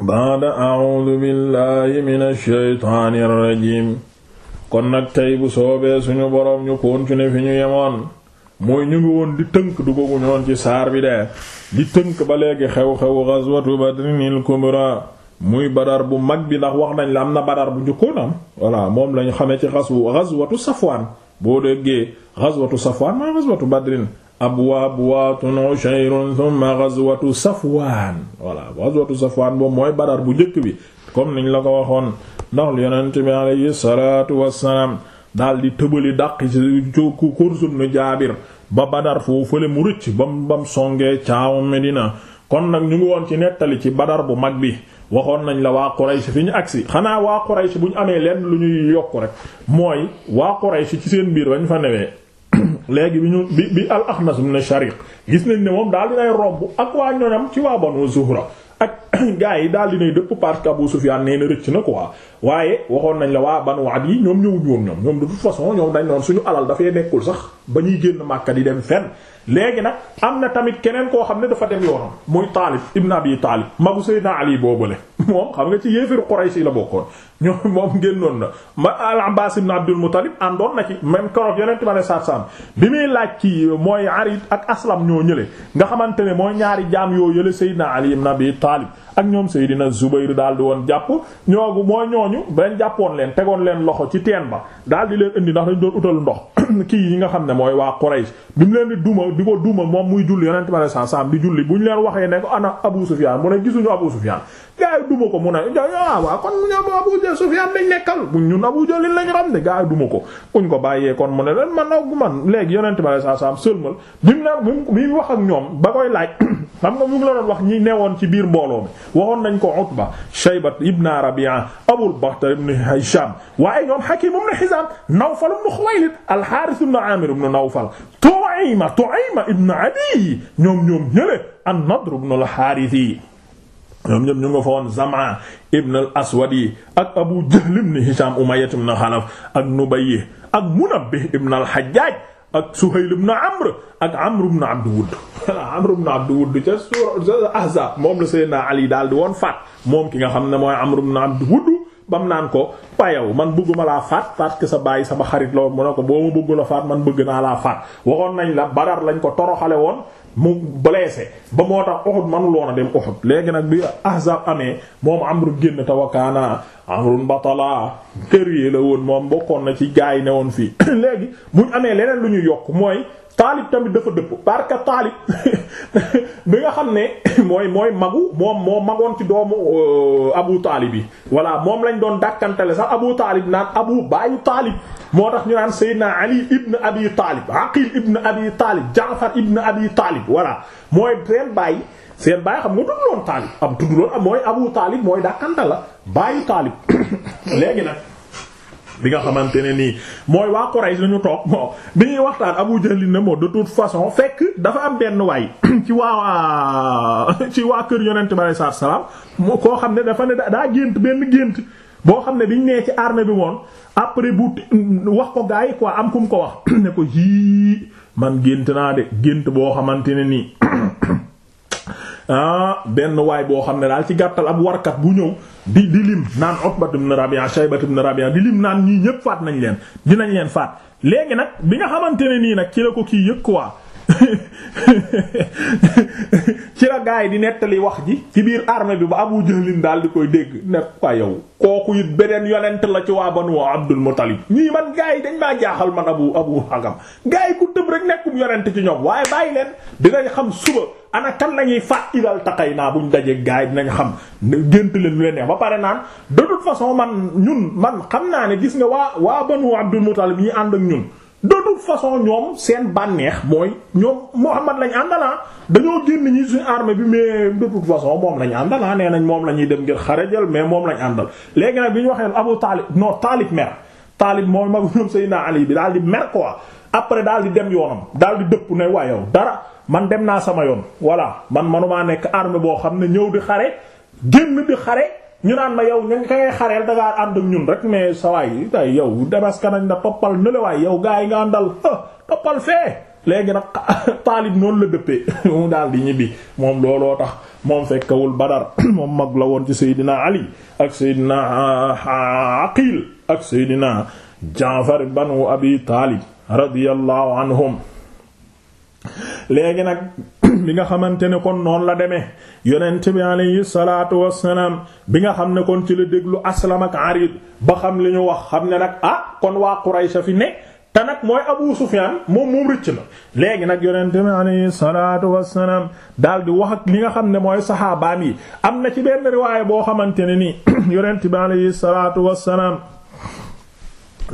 baada audu billahi min alsheytaani irrajim kon nag tey bu soobee suñu boroom ñu continuer fi ñu yemoon mooy ñu ngi woon di tënk dugagu ñoon ci saar bi de di tënk ba léegi xew-xewu ghazwatu badrinil kubra muy badar bu mag bi ndax wax nañ la am na badar bu njëkkoon am voilà moom lañ xamee ci xaswu ghazwatu safwaan boo déggee ghazwatu safwaan maa ghazwatu badrin abwaab waatun ushayrun thumma ghazwatu safwaan voilà ghazwatu safwaan boobu mooy badar bu njëkk bi comme nañu la ko waxoon ndax yonent bi alayhi salaatu wassalaam daal di tëbali daq ci Kurzu bnu Jaabir ba badar foofu fële mu rëcc bam bam songee caawu Medina kon nag ñu ngi woon ci nettali ci badar bu mag bi waxoon nañ la waa Quraysh fi ñu agsi xanaa waa Quraysh bu ñu amee leen lu ñuy yokk rek mooy waa Quraysh ci seen biir bañ fa newee léegi bi ñu bi bi al-Axnas ibn Shariq gis nañ ne moom daal dinay romb ak waa ñoñam ci waa Banu Zuhra ak gars yi daal dinay dëpp parce que Abu Sufyaan nee na rëcc na quoi waaye waxoon nañ la waa Banu yi ñoom ñëwuñu woon ñoom ñoom da toute façon ñoom dañ noon suñu alal dafay nekkul sax ba ñuy génn Makka di dem fenn léegi nag am na tamit keneen koo xam ne dafa dem yoonam muy Taalib ibn Abi Taalib magu Seydina Ali boobu boobule moom xam nga ci yéefiru Quraysh yi la bokkoon ñoom moom génnoon na ma al-Abbaas ibn Abdul Muttalib àndoon na ci men même yeneen ti ma ne saab bi muy laaj ci mooy Arid ak Aslam ñoo ñële nga xamante ne mooy ñaari jaam yoo yële Seydina Ali ibn Abi Taalib ak ñoom Seydina Zubayr daal di woon jàpp ñoogu mooy ñooñu bañ jàppoon leen tegoon leen loxo ci teen ba daal di leen indi ndax dañ doon utal ndox kii yi nga xam ne mooy waa Quraysh bi mu leen di duma di ko duma moom muy julli yonent ma sa sam di julli bu ñu leen waxee ne ko ana Abu Sufyan mu ne gisuñu Abu ko mu ne ah waaw kon mu ne Abu Sufyan dañ bu ñun Abu Jahl lañ xam ne gaa yi duma ko kuñ ko bàyyee kon mu ne leen man ak man léegi yonent ma sa sam sëlmal bi mu naan bi mu wax ak ñoom ba koy laaj xam nga mu ngi la doon wax ñi newoon ci biir mbooloo mi waxoon nañ ko Utba Shaybat ibn Rabi'a Abul Bakhtar ibn Hisham waaye ñoom Hakim ibn Hizam Nawfal ibn Khuwaylid al-Harith ibn Amir ibn Nawfal Tu'ayma Tu'ayma ibn Adi ñoom ñoom ñële an-Nadr ibn al-Harith yi ñoom ñëpp ñu nga fa woon Zam'a ibn al-Aswad yi ak Abu Jahl ibn Hisham Umayyah ibn Khalaf ak Nubayy ak Munabbih ibn al-Hajjaj ak Suhayl ibn Amr ak Amr ibn Abd Wudd Amr ibn Abd Wudd ca sura Ahzab moom la Seydina Ali daal di woon faat moom ki nga xam ne mooy Amr ibn Abd Wudd bam naan ko payaw man bëgguma laa faat parce que sa bàyyi sama xarit la woon mu ne ko boo ma bëggu faat man bëgg naa laa faat waxoon nañ la Badar lañ ko toroxale woon mu blessé ba moo tax Uhud manuloon a dem Uhud léegi nag bi Ahzab amee moom Amr génn tawakaana amrun batala kër yi la woon moom bokkoon na ci gaay ne woon fii léegi buñ amee leneen lu ñu yokk mooy taalib tamit dafa dëpp parce que taalib bi nga xam ne mooy mooy magu moom moo magoon ci doomu euh, abu taalib yi voilà moom lañ doon dàkkantale sax abu taalib naan abu baayu taalib moo tax ñu naan Seydina ali ibn abi taalib aqil ibn abi taalib jaafar ibn abi taalib voilà mooy seen baay seen baay xam nga tudd loon taalib am tudd loon mooy abu taalib mooy dàkkanta la baayu taalib léegi nag bi nga xamante ne nii mooy waa Quraysh la ñu toog moo bi ñuy waxtaan Abu Jahl na moo de toute façon fekk dafa am benn waay ci waa ci waa kër yonent bi alayhi salaam moo koo xam ne dafa ne daa gént benn gént boo xam ne biñ nee ci armée bi woon après bu wax ko gars ko am kum ko wax ne ko hii man gént naa de gént boo xamante ne nii ah benn waay boo xam ne daal ci gàttal ab warkat bu ñëw di di lim naan Utbat ibn Rabi'a Shaybat ibn Rabi'a di lim naan ñii ñëpp faat nañ leen dinañ leen faat léegi nag bi nga xamante ne nii nag ci la ko kii yëg quoi ci la gaay di nettali wax ji ci biir armée bi ba Abu Jahlin daal di koy dégg nekk ko yow kooku it beneen yonent la ci waa Banu Abdul Muttalib ñii man gaay yi dañ maa jaaxal man Abu Abu Hakam gaay yi ku tëb rek nekkum yonent ci ñoom waaye bàyyi leen dinañ xam suba ana kan lañuy fàt idal taqay naa buñ dajee gaay dinañ xam gént leen lu leen neex ba pare naan de toute façon man ñun man xam naa ne gis nga waa waa Banu Abdul Muttalib ñi ànd ak ñun de toute façon ñoom seen bànneex mooy ñoom Muhammad lañ àndalaa ah. dañoo génn ñi suñu armée bi mais de toute façon moom lañ àndalaa ah. nee nañ moom la ñuy dem ngir jël mais moom lañu àndal léegi nag bi ñu waxee Abu Taalib non Taalib mer Taalib mooy mag ñoom Seydina Ali bi daal di mer quoi après daal di dem yoonam daal di dëpp ne waa yow dara man dem naa sama yoon voilà man manumaa nekk armée boo xam ne ñëw di xare génn di xare ñu naan ma yow ña ka ngay xareel da ngaa ànd ak ñun rek mais sa waay tay yow dabaska nañ na toppal nële waay yow gaa yi nga àndal toppal fee léegi nag taalib noonu la dëppee mu daal di ñibbi moom looloo tax moom fekkawul Badar moom mag la woon ci Seydina Ali ak Seydina ah, ah, Aqil ak Seydina Jaafar banu Abi Taalib radiyallahu anhum léegi nag bi nga xamante ne kon noonu la demee yonent bi alayhi salaatu wassalaam bi nga xam ne kon ci la déglu aslam ak arid ba xam li ñu wax xam ne nag a ah, kon waa Quraysh fi ne te nag mooy Abu Sufyaan moom moom rëcc na léegi nag yonent bi alayhi salaatu wassalaam dal di wax ak li nga xam ne mooy saxaabaam yi am na ci benn riwaaya boo xamante ne nii yonent bi alayhi salaatu wassalaam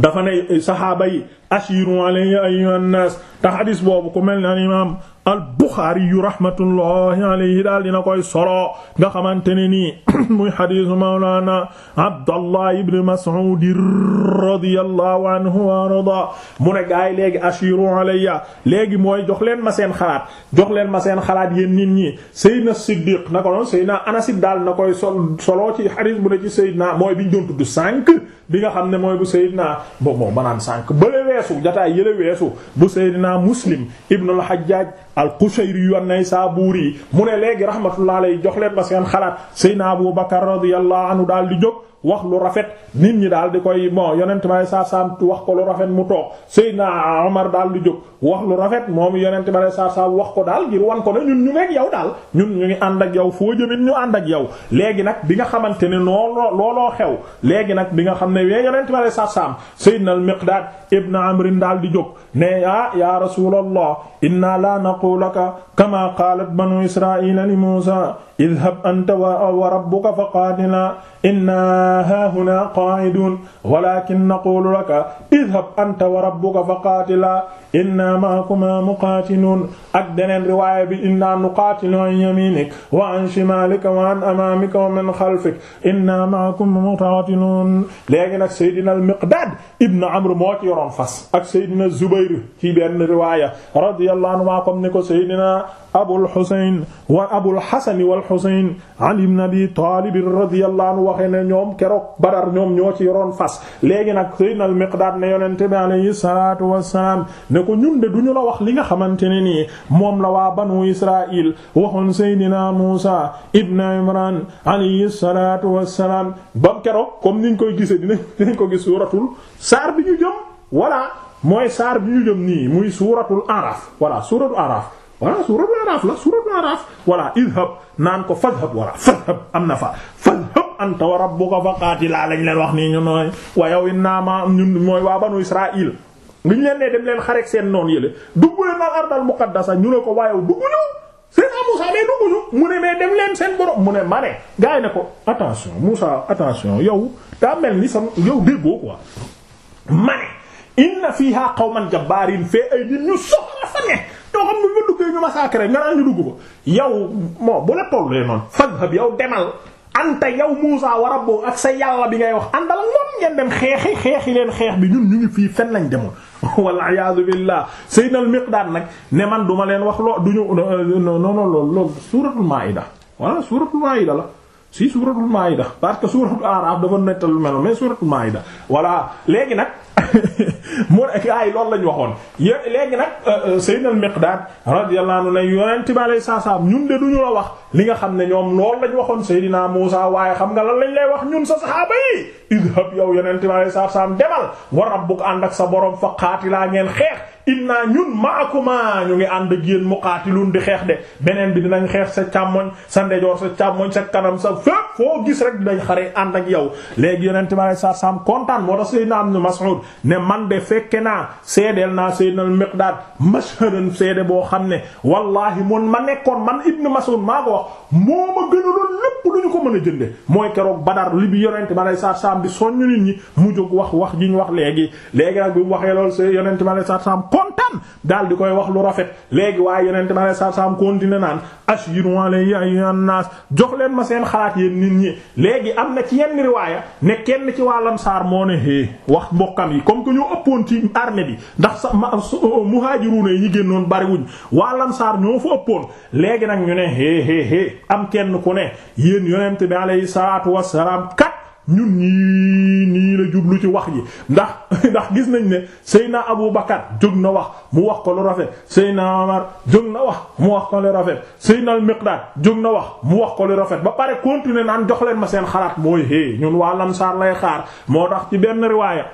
dafa ne saxaaba yi ashiru alayhi ayyuhan nas te xadis boobu ku mel ni al imam al-Bukhari yu rahmatullahi alayhi daal dina koy solo nga xamante ne nii muy xadisu mawlana Abdallah ibn Mas'ud radiyallahu anhu wa arda mu ne gaay léegi ashiru alayya léegi mooy jox leen ma seen xalaat jox leen ma seen xalaat yéen nit ñi Seydina Siddiq na ko na Seydina Anas daal na koy sol solo ci xadis bu ne ci Seydina mooy biñ doon tudd sànq bi nga xam ne mooy bu Seydina bo weesu jataay yële weesu bu Seydina Muslim ibn al-Hajjaj al-Qushayri yu an-Naysaburi yi mu ne léegi rahmatullah alayhi jox leen ma seen xalaat Seydina Abu Bakar radiyallahu anhu daal di jóg wax lu rafet nit ñi daal di koy bon yonent ma lay saa saam wax ko lu rafet mu toog Seydina Omar daal di jóg wax lu rafet moom yonent ma lay saa wax ko daal ngir wan ko ne ñun ñu nekk yow daal ñun ñu ngi ànd ak yow foo jëmit ñu ànd ak yow léegi nag bi nga xamante ne noo looloo xew léegi nag bi nga xam ne yee yonent ma lay saa saam Seydina al-Miqdad ibn Amr daal di jóg ah, taqulaka kama qaalat banu israila li muusa idhab anta wa rabbuka fa qaatila inna haahuna qaa'iduun walakin naqulu laka idhab anta wa rabbuka fa qaatila inna ma'akuma muqaatiluun ak deneen riwaaya bi inna nuqaatilu an yaminik wa an shimalika wa an amamika wa min xalfik inna ma'akum muqaatiluun léegi nag saydina al-Miqdaad ibn Amr moo ci yoroon fas ak saydina Zubayr ci benn riwaaya radiyallahu anhu comme ni ko saydina Abul Husayn wa Abul Hasan wal Husayn Ali ibn Abi Taalib radiyallahu anhu waxee ne ñoom keroog Badar ñoom ñoo ci yoroon fas léegi nag saydina al-Miqdaad ne yonente bi alayhi salaatu wassalaam ne ko ñun de duñu la wax li nga xamante ne nii moom la waa banu Israaïl waxoon Seydina Muusa ibn Imran alayhi salaatu wassalaam ba keroog comme niñ koy gisee dinañ ko gis suuratul saar bi ñu jëm voilà mooy saar bi ñu jëm nii muy suuratul Araf voilà suuratul Araf la suuratul Araf voilà idhab naan ko fadhab voilà fadhab am na fa fadhab anta wa rabbuka faqaatilaa lañ leen wax nii ñu nooy wa yaw innaa ma ñun mooy waa banu Israaïl li ñu leen nee dem leen xareeg seen noonu yële dugg leen al ardal muqaddasa ñu ne ko waaye dugg ñu seen Moussa mais dugg ñu mu ne mais dem seen borom mu ne ma ne yi ne ko attention Moussa attention yow daa mel ni sama yow déggoo quoi ma ne inna fiha qawman jabbarin fee ay nit ñu soxla fa ne too xam ne ñu duggee ñu massacré nga naan ñu dugg ko yow moo bu la tollee noonu fadhab yow demal anta yow Muusa wa rabbu ak sa yàlla bi ngay wax àndal moom ngeen dem xeexi xeexi leen xeex bi ñun ñu ngi fii fen lañ demoon walla iyaadu billah sayyidna al Miqdaad nag ne man duma leen wax loo duñu euh, non non lool lool suuratul Maa'ida walla suuratul Maa'ida la si suuratul Maa'ida parce que suuratul Araaf dafa nettal melo mais suuratul Maa'ida voilà léegi nag mu ne gaa yi loolu lañ waxoon léegi nag euh, euh, Seydina al-Miqdaad radiyallahu anhu ne yonent bi alayhi salaam ñun de duñu la wax li nga xam ne ñoom loolu lañ waxoon Seydina muusa waaye xam nga lan lañ lay wax ñun sa saxaaba yi idhab yow yonent bi alayhi salaam demal wa rabbuk ànd ak sa borom fa qaatilaa ngeen xeex inna ñun maakuma ñu ngi ànd ak yéen muqaatilun di xeex de beneen bi dinañ xeex sa càmmoñ sa ndejoor sa càmmoñ sa kanam sa fépp gis rek dinañ xare ànd ak yow léegi yonente ma lay sa sam kontaan moo tax Seydina Ibn Mas'ud man de fekke naa seedeel naa Seydina al-Miqdaad mashhadan seede boo xam ne wallahi mun ma nekkoon man Ibn Mas'ud maa ko wax moo ma gënaloon ko mën a jënde mooy keroog Badar li bi yonente ma lay saat saam di soññu nit ñi mu jóg wax wax ji ñu wax léegi léegi nag bi mu waxee loolu sa yonente ma lay saat saam kontaan daal di koy wax lu rafet léegi waaye yonente ma lay saat saam continué naan ashiru seen xalaat yéen nit ñi léegi am na ci yenn riwaaya ne kenn ci wàllan saar moo ne hé wax mbokkam yi comme que ñoo ëppoon ci armée bi ndax sa uh, muhaajiruun yi ñu génnoon bariwuñ wàllan saar ñoo fa ëppoon léegi nag ñu ne hé hé hé am kenn ku ne yéen yonent bi aleyhi salaatu wassalaam kat ñun ñii nii la jublu ci wax yi ndax ndax gis nañ ne Seyna Abu Bakar jóg na wax mu wax ko lu rafet Seyna Omar jóg na wax mu wax ko lu rafet Seyna Miqdad jóg na wax mu wax ko rafet ba pare continuer naan jox leen ma seen xalaat mooy hé ñun waa Lamsaar lay xaar moo tax ci benn riwaaya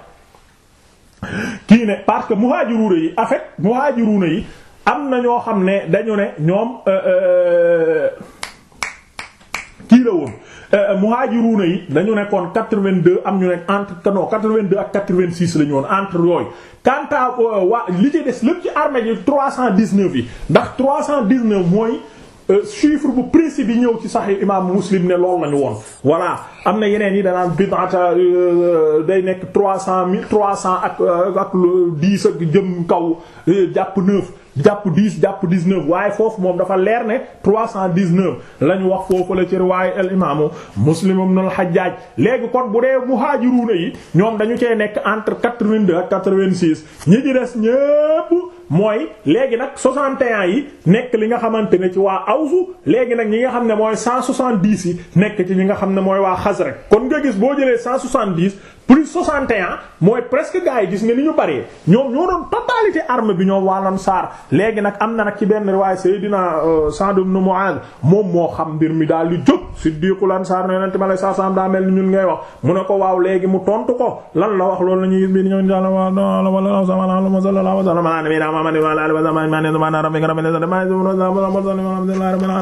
kii ne parce que muhaajiruuna yi en fait muhaajiruuna yi am na ñoo xam ne dañu ne ñoom. Euh, euh, kii la woon euh, euh, muhaajiruuna yi dañu nekkoon 82 am ñu nekk entre non 82 ak 86 la ñu woon entre yooyu quant à euh, waa li ci des lépp ci armée ji 319 yi ndax cent 319 mooy chiffre bu précis bi ñëw ci Sahih imam Muslim ne loolu la ñu woon voilà am na yeneen yi danaan bid'ata day nekk cent 300 300 ak ak 10 ak jëm kaw jàpp 9 jàpp dix jàpp dix-neuf waaye foofu moom dafa leer ne trois cent dix-neuf lañu wax foofu la ci riwaayu al imaamu Muslim ibn al Hajjaj léegi kon bu dee muhaajiruuna yi ñoom dañu cee nekk entre quatre-vingt-deux ak quatre-vingt-six ñi ci des ñépp mooy léegi nag soixante et yi nekk li nga xamante ne ci waa Awsu léegi nag ñi nga xam ne mooy cent soixante-dix yi nekk ci ñi nga xam ne mooy waa Xasraj kon nga gis boo jëlee cent soixante-dix plus 61 mooy presque gars yi gis nga ni ñu bëree ñoom ñoo doon totalité arme bi ñoom wàllan saar léegi nag am na nag ci benn riwaay Seydina euh, Sa'd ibn Mu'adh moom moo xam mbir mi daal di jóg Siddiqul Ansar ne yonente ma lay saasaam daa mel ni ñun ngay wax mu ne ko waaw léegi mu tontu ko lan la wax loolu la ñuy gis bi di ñëw jàll wala